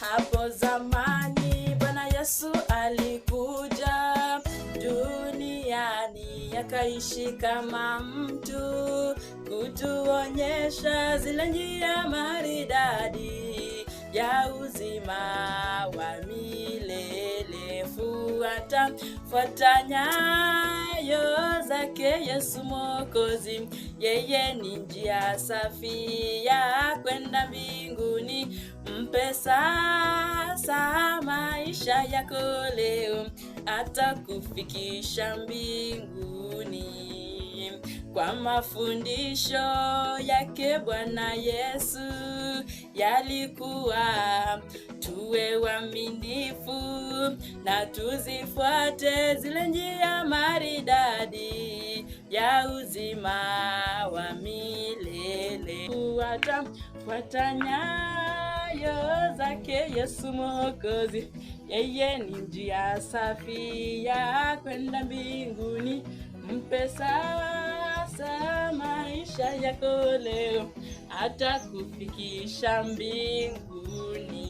Hapo zamani Bwana Yesu alikuja duniani, akaishi kama mtu, kutuonyesha zile njia maridadi ya uzima wa milele. Fuata, fuata nyayo zake Yesu Mwokozi, yeye ni njia safi ya kwenda mbinguni. Mpesa saa maisha yako leo, atakufikisha mbinguni kwa mafundisho yake Bwana Yesu yalikuwa tuwe waminifu na tuzifuate zile njia maridadi ya uzima wa milele kuwata wake Yesu Mwokozi, yeye ni njia safi ya kwenda mbinguni. Mpe sasa maisha yako leo, atakufikisha mbinguni.